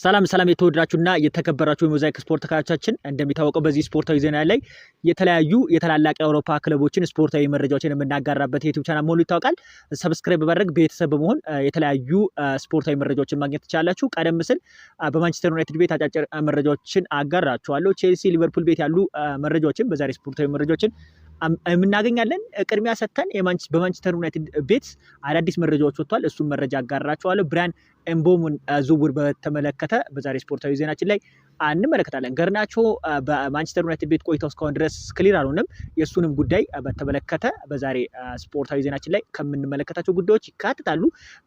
ሰላም ሰላም የተወደዳችሁና የተከበራችሁ የሞዛይክ ስፖርት ተከታታዮቻችን፣ እንደሚታወቀው በዚህ ስፖርታዊ ዜና ላይ የተለያዩ የታላላቅ የአውሮፓ ክለቦችን ስፖርታዊ መረጃዎችን የምናጋራበት የዩቲዩብ ቻናል መሆኑ ይታወቃል። ሰብስክራይብ በማድረግ ቤተሰብ በመሆን የተለያዩ ስፖርታዊ መረጃዎችን ማግኘት ትችላላችሁ። ቀደም ሲል በማንቸስተር ዩናይትድ ቤት አጫጭር መረጃዎችን አጋራችኋለሁ። ቼልሲ፣ ሊቨርፑል ቤት ያሉ መረጃዎችን በዛሬ ስፖርታዊ መረጃዎችን የምናገኛለን። ቅድሚያ ሰጥተን በማንቸስተር ዩናይትድ ቤት አዳዲስ መረጃዎች ወጥቷል። እሱም መረጃ አጋራችኋለሁ። ብሪያን ኤምቦሙን ዝውውር በተመለከተ በዛሬ ስፖርታዊ ዜናችን ላይ እንመለከታለን። ገርናቾ በማንቸስተር ዩናይትድ ቤት ቆይታው እስካሁን ድረስ ክሊር አልሆነም። የእሱንም ጉዳይ በተመለከተ በዛሬ ስፖርታዊ ዜናችን ላይ ከምንመለከታቸው ጉዳዮች ይካትታሉ።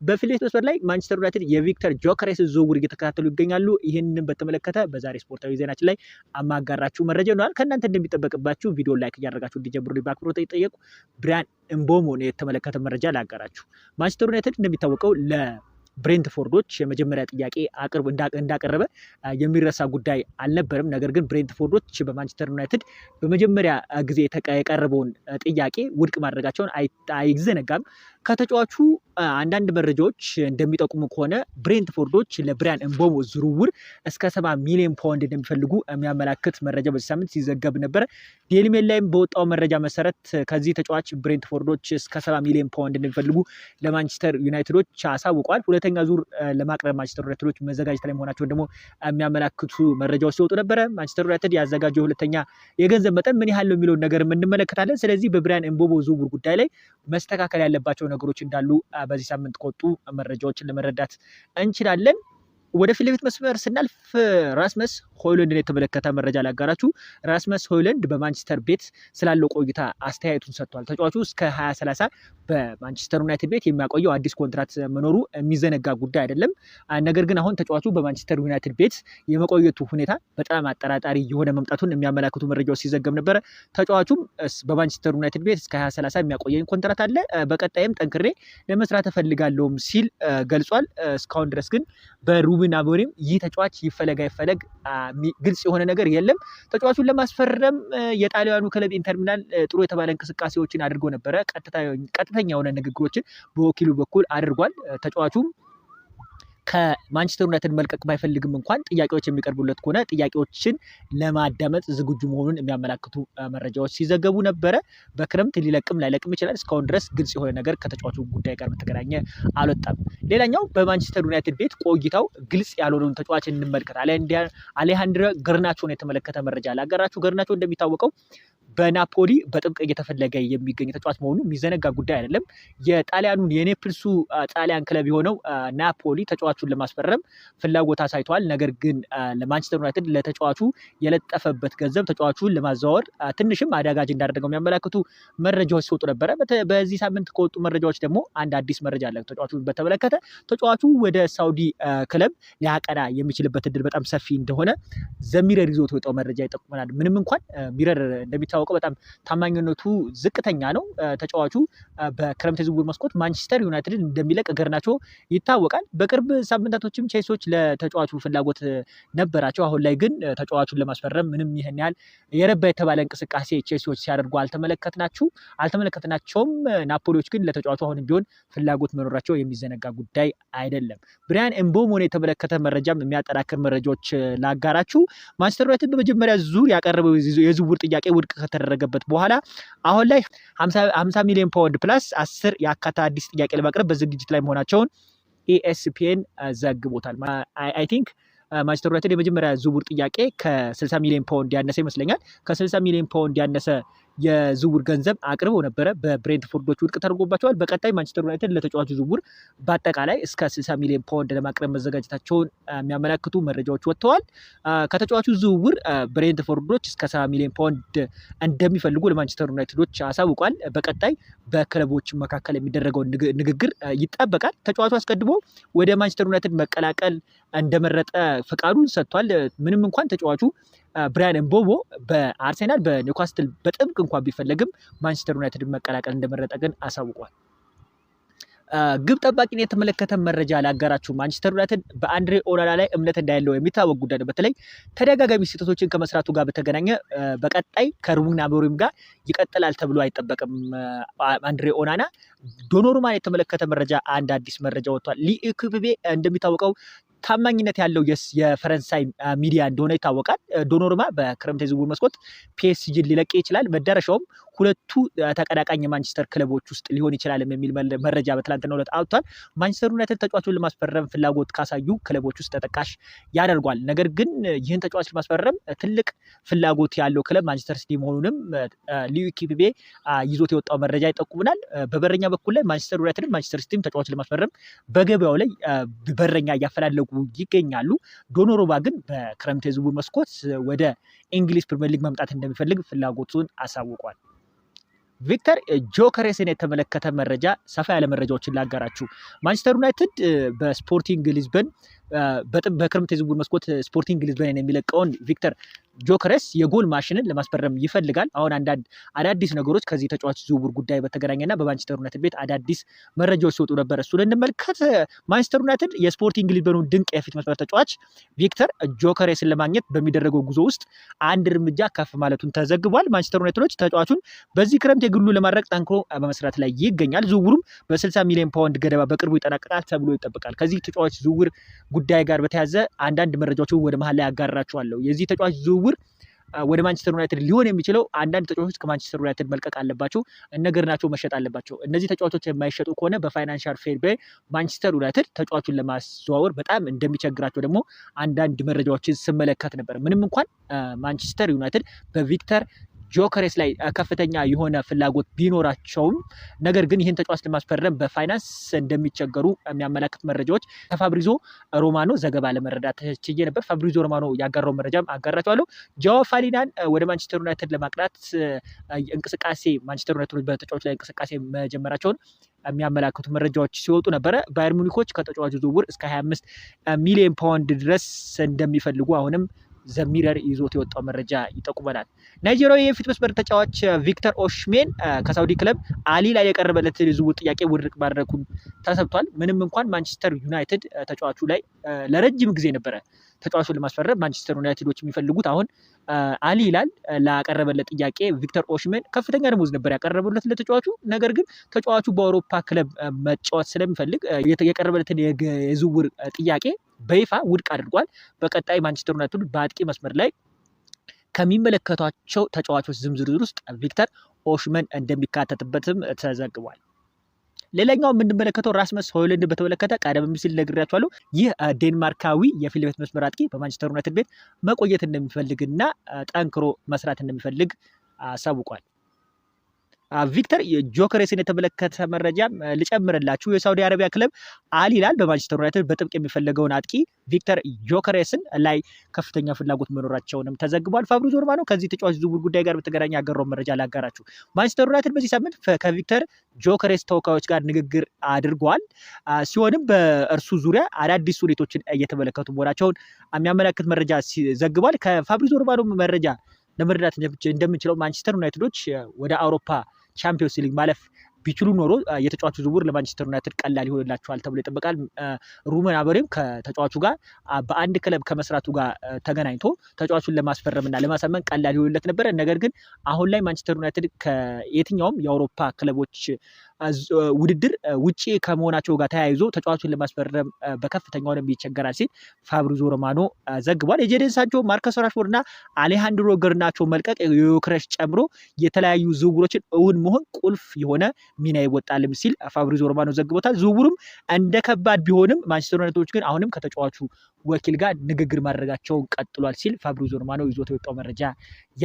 በፊት መስመር ላይ ማንቸስተር ዩናይትድ የቪክተር ጆከሬስ ዝውውር እየተከታተሉ ይገኛሉ። ይህንን በተመለከተ በዛሬ ስፖርታዊ ዜናችን ላይ አማጋራችሁ መረጃ ይሆናል። ከእናንተ እንደሚጠበቅባችሁ ቪዲዮ ላይክ እያደረጋችሁ እንዲጀምሩ በአክብሮት ጠየቁ። ብሪያን ኤምቦሞን የተመለከተ መረጃ ላጋራችሁ። ማንቸስተር ዩናይትድ እንደሚታወቀው ለ ብሬንትፎርዶች የመጀመሪያ ጥያቄ አቅርብ እንዳቀረበ የሚረሳ ጉዳይ አልነበረም። ነገር ግን ብሬንትፎርዶች በማንቸስተር ዩናይትድ በመጀመሪያ ጊዜ የቀረበውን ጥያቄ ውድቅ ማድረጋቸውን አይዘነጋም። ከተጫዋቹ አንዳንድ መረጃዎች እንደሚጠቁሙ ከሆነ ብሬንትፎርዶች ለብሪያን እምቦሞ ዝውውር እስከ ሰባ ሚሊዮን ፓውንድ እንደሚፈልጉ የሚያመላክት መረጃ በዚህ ሳምንት ሲዘገብ ነበር። ዴይሊ ሜል ላይም በወጣው መረጃ መሰረት ከዚህ ተጫዋች ብሬንትፎርዶች እስከ ሰባ ሚሊዮን ፓውንድ እንደሚፈልጉ ለማንቸስተር ዩናይትዶች አሳውቋል። ሁለተኛ ዙር ለማቅረብ ማንቸስተር ዩናይትዶች መዘጋጀት ላይ መሆናቸውን ደግሞ የሚያመላክቱ መረጃዎች ሲወጡ ነበረ። ማንቸስተር ዩናይትድ ያዘጋጀው ሁለተኛ የገንዘብ መጠን ምን ያህል ነው የሚለውን ነገር እንመለከታለን። ስለዚህ በብሪያን እምቦሞ ዝውውር ጉዳይ ላይ መስተካከል ያለባቸው ነገሮች እንዳሉ በዚህ ሳምንት ከወጡ መረጃዎችን ለመረዳት እንችላለን። ወደ ፊት ለፊት መስመር ስናልፍ ራስመስ ሆይሉንድን የተመለከተ መረጃ ላጋራችሁ። ራስመስ ሆይሉንድ በማንቸስተር ቤት ስላለው ቆይታ አስተያየቱን ሰጥቷል። ተጫዋቹ እስከ 2030 በማንቸስተር ዩናይትድ ቤት የሚያቆየው አዲስ ኮንትራት መኖሩ የሚዘነጋ ጉዳይ አይደለም። ነገር ግን አሁን ተጫዋቹ በማንቸስተር ዩናይትድ ቤት የመቆየቱ ሁኔታ በጣም አጠራጣሪ የሆነ መምጣቱን የሚያመላክቱ መረጃዎች ሲዘገብ ነበረ። ተጫዋቹም በማንቸስተር ዩናይትድ ቤት እስከ 2030 የሚያቆየኝ ኮንትራት አለ፣ በቀጣይም ጠንክሬ ለመስራት እፈልጋለሁም ሲል ገልጿል። እስካሁን ድረስ ግን በሩብ ሩበን አሞሪም ይህ ተጫዋች ይፈለግ አይፈለግ ግልጽ የሆነ ነገር የለም። ተጫዋቹን ለማስፈረም የጣሊያኑ ክለብ ኢንተር ሚላን ጥሩ የተባለ እንቅስቃሴዎችን አድርጎ ነበረ። ቀጥተኛ የሆነ ንግግሮችን በወኪሉ በኩል አድርጓል። ተጫዋቹም ከማንቸስተር ዩናይትድ መልቀቅ ባይፈልግም እንኳን ጥያቄዎች የሚቀርቡለት ከሆነ ጥያቄዎችን ለማዳመጥ ዝግጁ መሆኑን የሚያመላክቱ መረጃዎች ሲዘገቡ ነበረ። በክረምት ሊለቅም ላይለቅም ይችላል። እስካሁን ድረስ ግልጽ የሆነ ነገር ከተጫዋቹ ጉዳይ ጋር በተገናኘ አልወጣም። ሌላኛው በማንቸስተር ዩናይትድ ቤት ቆይታው ግልጽ ያልሆነውን ተጫዋች እንመልከት። አሌሃንድሮ ገርናቾን የተመለከተ መረጃ ለአገራችሁ ገርናቾ እንደሚታወቀው በናፖሊ በጥብቅ እየተፈለገ የሚገኝ ተጫዋች መሆኑ የሚዘነጋ ጉዳይ አይደለም። የጣሊያኑን የኔፕልሱ ጣሊያን ክለብ የሆነው ናፖሊ ተጫዋቹን ለማስፈረም ፍላጎት አሳይቷል። ነገር ግን ለማንቸስተር ዩናይትድ ለተጫዋቹ የለጠፈበት ገንዘብ ተጫዋቹን ለማዘዋወር ትንሽም አዳጋጅ እንዳደረገው የሚያመላክቱ መረጃዎች ሲወጡ ነበረ። በዚህ ሳምንት ከወጡ መረጃዎች ደግሞ አንድ አዲስ መረጃ አለ። ተጫዋቹን በተመለከተ ተጫዋቹ ወደ ሳውዲ ክለብ ሊያቀና የሚችልበት እድል በጣም ሰፊ እንደሆነ ዘሚረር ይዞት ወጣው መረጃ ይጠቁመናል። ምንም እንኳን ሚረር እንደሚታወ እንደሚታወቀው በጣም ታማኝነቱ ዝቅተኛ ነው። ተጫዋቹ በክረምት የዝውውር መስኮት ማንቸስተር ዩናይትድን እንደሚለቅ እገርናቾ ይታወቃል። በቅርብ ሳምንታቶችም ቼልሲዎች ለተጫዋቹ ፍላጎት ነበራቸው። አሁን ላይ ግን ተጫዋቹን ለማስፈረም ምንም ይህን ያህል የረባ የተባለ እንቅስቃሴ ቼልሲዎች ሲያደርጉ አልተመለከትናችሁ አልተመለከትናቸውም። ናፖሊዎች ግን ለተጫዋቹ አሁንም ቢሆን ፍላጎት መኖራቸው የሚዘነጋ ጉዳይ አይደለም። ብሪያን ኤምቦሞን የተመለከተ መረጃም የሚያጠናክር መረጃዎች ላጋራችሁ። ማንቸስተር ዩናይትድ በመጀመሪያ ዙር ያቀረበው የዝውውር ጥያቄ ውድቅ ከተደረገበት በኋላ አሁን ላይ 50 ሚሊዮን ፓውንድ ፕላስ 10 የአካታ አዲስ ጥያቄ ለማቅረብ በዝግጅት ላይ መሆናቸውን ኢኤስፒኤን uh, ዘግቦታል። አይ ቲንክ ማንቸስተር ዩናይትድ የመጀመሪያ ዝውውር ጥያቄ ከ60 ሚሊዮን ፓውንድ ያነሰ ይመስለኛል። ከ60 ሚሊዮን ፓውንድ ያነሰ የዝውውር ገንዘብ አቅርበው ነበረ። በብሬንትፎርዶች ውድቅ ተደርጎባቸዋል። በቀጣይ ማንቸስተር ዩናይትድ ለተጫዋቹ ዝውውር በአጠቃላይ እስከ 60 ሚሊዮን ፓውንድ ለማቅረብ መዘጋጀታቸውን የሚያመላክቱ መረጃዎች ወጥተዋል። ከተጫዋቹ ዝውውር ብሬንትፎርዶች እስከ 70 ሚሊዮን ፓውንድ እንደሚፈልጉ ለማንቸስተር ዩናይትዶች አሳውቋል። በቀጣይ በክለቦች መካከል የሚደረገውን ንግግር ይጠበቃል። ተጫዋቹ አስቀድሞ ወደ ማንቸስተር ዩናይትድ መቀላቀል እንደመረጠ ፈቃዱን ሰጥቷል። ምንም እንኳን ተጫዋቹ ብራያን ኤምቦሞ በአርሴናል በኒውካስትል በጥብቅ እንኳን ቢፈለግም ማንቸስተር ዩናይትድ መቀላቀል እንደመረጠ ግን አሳውቋል። ግብ ጠባቂን የተመለከተ መረጃ ላጋራችሁ። ማንቸስተር ዩናይትድ በአንድሬ ኦናና ላይ እምነት እንዳያለው የሚታወቅ ጉዳይ ነው። በተለይ ተደጋጋሚ ስህተቶችን ከመስራቱ ጋር በተገናኘ በቀጣይ ከሩበን አሞሪም ጋር ይቀጥላል ተብሎ አይጠበቅም። አንድሬ ኦናና ዶኖሩማን የተመለከተ መረጃ አንድ አዲስ መረጃ ወጥቷል። ሊኢኩፒቤ እንደሚታወቀው ታማኝነት ያለው የፈረንሳይ ሚዲያ እንደሆነ ይታወቃል። ዶኖርማ በክረምት የዝውውር መስኮት ፒኤስጂን ሊለቅ ይችላል። መዳረሻውም ሁለቱ ተቀናቃኝ ማንቸስተር ክለቦች ውስጥ ሊሆን ይችላል የሚል መረጃ በትላንትናው ዕለት አውጥቷል። ማንቸስተር ዩናይትድ ተጫዋቹን ለማስፈረም ፍላጎት ካሳዩ ክለቦች ውስጥ ተጠቃሽ ያደርጓል። ነገር ግን ይህን ተጫዋች ለማስፈረም ትልቅ ፍላጎት ያለው ክለብ ማንቸስተር ሲቲ መሆኑንም ሊዩ ኪፒቤ ይዞት የወጣው መረጃ ይጠቁምናል። በበረኛ በኩል ላይ ማንቸስተር ዩናይትድ ማንቸስተር ሲቲም ተጫዋች ለማስፈረም በገበያው ላይ በረኛ እያፈላለጉ ይገኛሉ። ዶኖሮባ ግን በክረምት የዝውውር መስኮት ወደ እንግሊዝ ፕሪሚየር ሊግ መምጣት እንደሚፈልግ ፍላጎቱን አሳውቋል። ቪክተር ጆከሬስን የተመለከተ መረጃ ሰፋ ያለ መረጃዎችን ላጋራችሁ። ማንቸስተር ዩናይትድ በስፖርቲንግ ሊዝበን በክረምት የዝውውር መስኮት ስፖርቲንግ ሊዝበን የሚለቀውን ቪክተር ጆከሬስ የጎል ማሽንን ለማስፈረም ይፈልጋል። አሁን አንዳንድ አዳዲስ ነገሮች ከዚህ ተጫዋች ዝውውር ጉዳይ በተገናኘና በማንቸስተር ዩናይትድ ቤት አዳዲስ መረጃዎች ሲወጡ ነበር። እሱ ልንመልከት ማንቸስተር ዩናይትድ የስፖርቲንግ ሊዝበኑን ድንቅ የፊት መስመር ተጫዋች ቪክተር ጆከሬስን ለማግኘት በሚደረገው ጉዞ ውስጥ አንድ እርምጃ ከፍ ማለቱን ተዘግቧል። ማንቸስተር ዩናይትዶች ተጫዋቹን በዚህ ክረምት የግሉ ለማድረግ ጠንክሮ በመስራት ላይ ይገኛል። ዝውውሩም በ60 ሚሊዮን ፓውንድ ገደባ በቅርቡ ይጠናቀቃል ተብሎ ይጠበቃል። ከዚህ ተጫዋች ዝውውር ጉዳይ ጋር በተያዘ አንዳንድ መረጃዎች ወደ መሀል ላይ ያጋራችኋለሁ። የዚህ ተጫዋች ዝውውር ወደ ማንቸስተር ዩናይትድ ሊሆን የሚችለው አንዳንድ ተጫዋቾች ከማንቸስተር ዩናይትድ መልቀቅ አለባቸው፣ ነገር ናቸው መሸጥ አለባቸው። እነዚህ ተጫዋቾች የማይሸጡ ከሆነ በፋይናንሻል ፌር ፕሌይ ማንቸስተር ዩናይትድ ተጫዋቹን ለማዘዋወር በጣም እንደሚቸግራቸው ደግሞ አንዳንድ መረጃዎችን ስመለከት ነበር። ምንም እንኳን ማንቸስተር ዩናይትድ በቪክተር ጆከሬስ ላይ ከፍተኛ የሆነ ፍላጎት ቢኖራቸውም ነገር ግን ይህን ተጫዋች ለማስፈረም በፋይናንስ እንደሚቸገሩ የሚያመላክት መረጃዎች ከፋብሪዞ ሮማኖ ዘገባ ለመረዳት ችዬ ነበር። ፋብሪዞ ሮማኖ ያጋራው መረጃም አጋራቸዋለሁ። ጃዋ ፋሊናን ወደ ማንቸስተር ዩናይትድ ለማቅናት እንቅስቃሴ ማንቸስተር ዩናይትዶች በተጫዋች ላይ እንቅስቃሴ መጀመራቸውን የሚያመላክቱ መረጃዎች ሲወጡ ነበረ። ባየር ሙኒኮች ከተጫዋቹ ዝውውር እስከ 25 ሚሊዮን ፓውንድ ድረስ እንደሚፈልጉ አሁንም ዘሚረር ይዞት የወጣው መረጃ ይጠቁመናል። ናይጄሪያዊ የፊት መስመር ተጫዋች ቪክተር ኦሽሜን ከሳውዲ ክለብ አሊ ላይ የቀረበለትን የዝውውር ጥያቄ ውድቅ ማድረጉን ተሰብቷል። ምንም እንኳን ማንቸስተር ዩናይትድ ተጫዋቹ ላይ ለረጅም ጊዜ ነበረ ተጫዋቹን ለማስፈረም ማንቸስተር ዩናይትዶች የሚፈልጉት አሁን አሊ ይላል ላቀረበለት ጥያቄ ቪክተር ኦሽሜን ከፍተኛ ደሞዝ ነበር ያቀረበለት ለተጫዋቹ። ነገር ግን ተጫዋቹ በአውሮፓ ክለብ መጫወት ስለሚፈልግ የቀረበለትን የዝውውር ጥያቄ በይፋ ውድቅ አድርጓል። በቀጣይ ማንቸስተር ዩናይትድ በአጥቂ መስመር ላይ ከሚመለከቷቸው ተጫዋቾች ዝርዝር ውስጥ ቪክተር ኦሽመን እንደሚካተትበትም ተዘግቧል። ሌላኛው የምንመለከተው ራስመስ ሆይሉንድን በተመለከተ ቀደም ሲል ነግሬያችኋለሁ። ይህ ዴንማርካዊ የፊት ለፊት መስመር አጥቂ በማንቸስተር ዩናይትድ ቤት መቆየት እንደሚፈልግና ጠንክሮ መስራት እንደሚፈልግ አሳውቋል። ቪክተር ጆከሬስን የተመለከተ መረጃ ልጨምርላችሁ። የሳውዲ አረቢያ ክለብ አል ሂላል በማንቸስተር ዩናይትድ በጥብቅ የሚፈለገውን አጥቂ ቪክተር ጆከሬስን ላይ ከፍተኛ ፍላጎት መኖራቸውንም ተዘግቧል። ፋብሪዞ ሮማኖ ከዚህ ተጫዋች ዝውውር ጉዳይ ጋር በተገናኘ ያገረውን መረጃ ላጋራችሁ። ማንቸስተር ዩናይትድ በዚህ ሳምንት ከቪክተር ጆከሬስ ተወካዮች ጋር ንግግር አድርጓል። ሲሆንም በእርሱ ዙሪያ አዳዲስ ሁኔቶችን እየተመለከቱ መሆናቸውን የሚያመለክት መረጃ ዘግቧል። ከፋብሪዞ ሮማኖ መረጃ ለመረዳት እንደምንችለው ማንቸስተር ዩናይትዶች ወደ አውሮፓ ቻምፒዮንስ ሊግ ማለፍ ቢችሉ ኖሮ የተጫዋቹ ዝውውር ለማንቸስተር ዩናይትድ ቀላል ይሆንላቸዋል ተብሎ ይጠበቃል። ሩመን አበሬም ከተጫዋቹ ጋር በአንድ ክለብ ከመስራቱ ጋር ተገናኝቶ ተጫዋቹን ለማስፈረምና ለማሳመን ቀላል ይሆንለት ነበረ። ነገር ግን አሁን ላይ ማንቸስተር ዩናይትድ ከየትኛውም የአውሮፓ ክለቦች ውድድር ውጪ ከመሆናቸው ጋር ተያይዞ ተጫዋቹን ለማስፈረም በከፍተኛ ሆነ ይቸገራል ሲል ፋብሪዞ ሮማኖ ዘግቧል። የጄደን ሳንቾ፣ ማርከስ ራሽፎርድ እና አሌሃንድሮ ገርናቾ መልቀቅ የዮክረሽ ጨምሮ የተለያዩ ዝውውሮችን እውን መሆን ቁልፍ የሆነ ሚና ይወጣልም ሲል ፋብሪዞ ሮማኖ ዘግቦታል። ዝውውሩም እንደ ከባድ ቢሆንም ማንቸስተር ዩናይትዶች ግን አሁንም ከተጫዋቹ ወኪል ጋር ንግግር ማድረጋቸውን ቀጥሏል ሲል ፋብሪዞ ሮማኖ ይዞት የወጣው መረጃ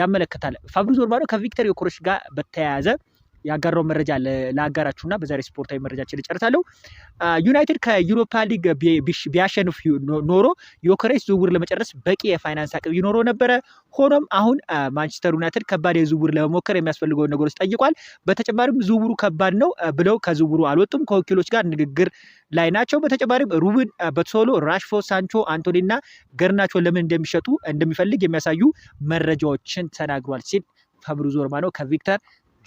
ያመለክታል። ፋብሪዞ ሮማኖ ከቪክተር ዮክረሽ ጋር በተያያዘ ያጋራው መረጃ ላጋራችሁና በዛሬ ስፖርታዊ መረጃችን ልጨርሳለሁ። ዩናይትድ ከዩሮፓ ሊግ ቢያሸንፍ ኖሮ የዮከሬስ ዝውውር ለመጨረስ በቂ የፋይናንስ አቅም ይኖረው ነበረ። ሆኖም አሁን ማንቸስተር ዩናይትድ ከባድ የዝውውር ለመሞከር የሚያስፈልገውን ነገሮች ጠይቋል። በተጨማሪም ዝውውሩ ከባድ ነው ብለው ከዝውውሩ አልወጡም። ከወኪሎች ጋር ንግግር ላይ ናቸው። በተጨማሪም ሩብን በቶሎ፣ ራሽፎ፣ ሳንቾ፣ አንቶኒ እና ገርናቾን ለምን እንደሚሸጡ እንደሚፈልግ የሚያሳዩ መረጃዎችን ተናግሯል ሲል ፋብሪዚዮ ሮማኖ ከቪክተር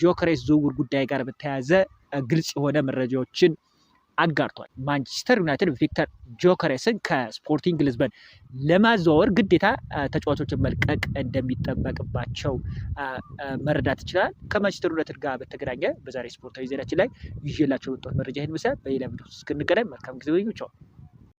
ጊዮከሬስ ዝውውር ጉዳይ ጋር በተያያዘ ግልጽ የሆነ መረጃዎችን አጋርቷል። ማንቸስተር ዩናይትድ ቪክተር ጆከሬስን ከስፖርቲንግ ሊዝበን ለማዘዋወር ግዴታ ተጫዋቾችን መልቀቅ እንደሚጠበቅባቸው መረዳት ይችላል። ከማንቸስተር ዩናይትድ ጋር በተገናኘ በዛሬ ስፖርታዊ ዜናችን ላይ ይዤላቸው የወጣሁት መረጃ ይህን ይመስላል። በሌላ ቪዲዮ እስክንገናኝ መልካም ጊዜ ወይቸዋል።